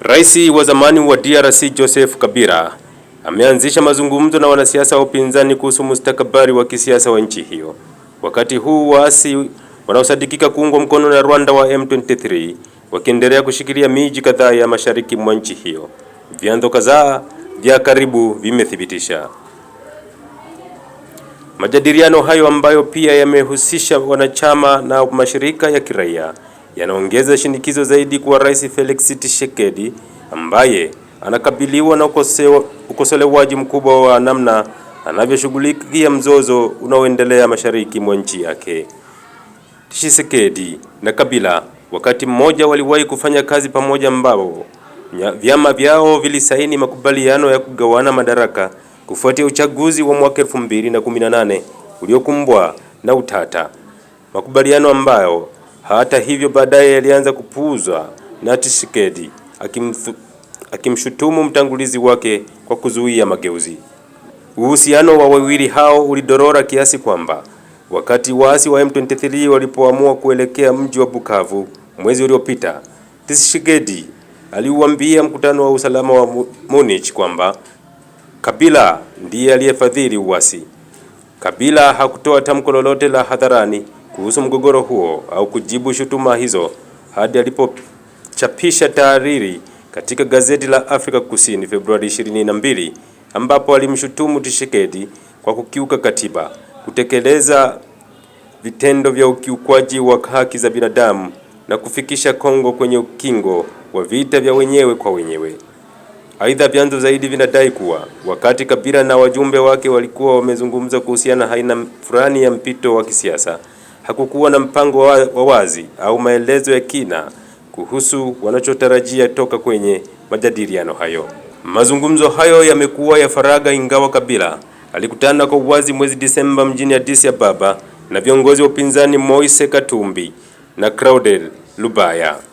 Rais wa zamani wa DRC Joseph Kabila ameanzisha mazungumzo na wanasiasa wa upinzani kuhusu mustakabali wa kisiasa wa nchi hiyo. Wakati huu waasi wanaosadikika kuungwa mkono na Rwanda wa M23 wakiendelea kushikilia miji kadhaa ya mashariki mwa nchi hiyo. Vyanzo kadhaa vya karibu vimethibitisha majadiliano hayo ambayo pia yamehusisha wanachama na mashirika ya kiraia yanaongeza shinikizo zaidi kwa Rais Felix Tshisekedi ambaye anakabiliwa na ukosolewaji mkubwa wa namna anavyoshughulikia mzozo unaoendelea mashariki mwa nchi yake. Tshisekedi na Kabila wakati mmoja waliwahi kufanya kazi pamoja, ambapo vyama vyao vilisaini makubaliano ya kugawana madaraka kufuatia uchaguzi wa mwaka 2018 uliokumbwa na utata, makubaliano ambayo hata hivyo, baadaye alianza kupuuzwa na Tshisekedi akimshutumu mtangulizi wake kwa kuzuia mageuzi. Uhusiano wa wawili hao ulidorora kiasi kwamba wakati waasi wa M23 walipoamua kuelekea mji wa Bukavu mwezi uliopita, Tshisekedi aliuambia mkutano wa usalama wa Munich kwamba Kabila ndiye aliyefadhili uasi. Kabila hakutoa tamko lolote la hadharani kuhusu mgogoro huo au kujibu shutuma hizo hadi alipochapisha taariri katika gazeti la Afrika Kusini Februari 22 ambapo alimshutumu Tshisekedi kwa kukiuka katiba, kutekeleza vitendo vya ukiukwaji wa haki za binadamu na kufikisha Kongo kwenye ukingo wa vita vya wenyewe kwa wenyewe. Aidha, vyanzo zaidi vinadai kuwa wakati Kabila na wajumbe wake walikuwa wamezungumza kuhusiana haina fulani ya mpito wa kisiasa hakukuwa na mpango wa wazi au maelezo ya kina kuhusu wanachotarajia toka kwenye majadiliano hayo. Mazungumzo hayo yamekuwa ya faragha, ingawa Kabila alikutana kwa uwazi mwezi Disemba mjini Addis Ababa na viongozi wa upinzani Moise Katumbi na Claudel Lubaya.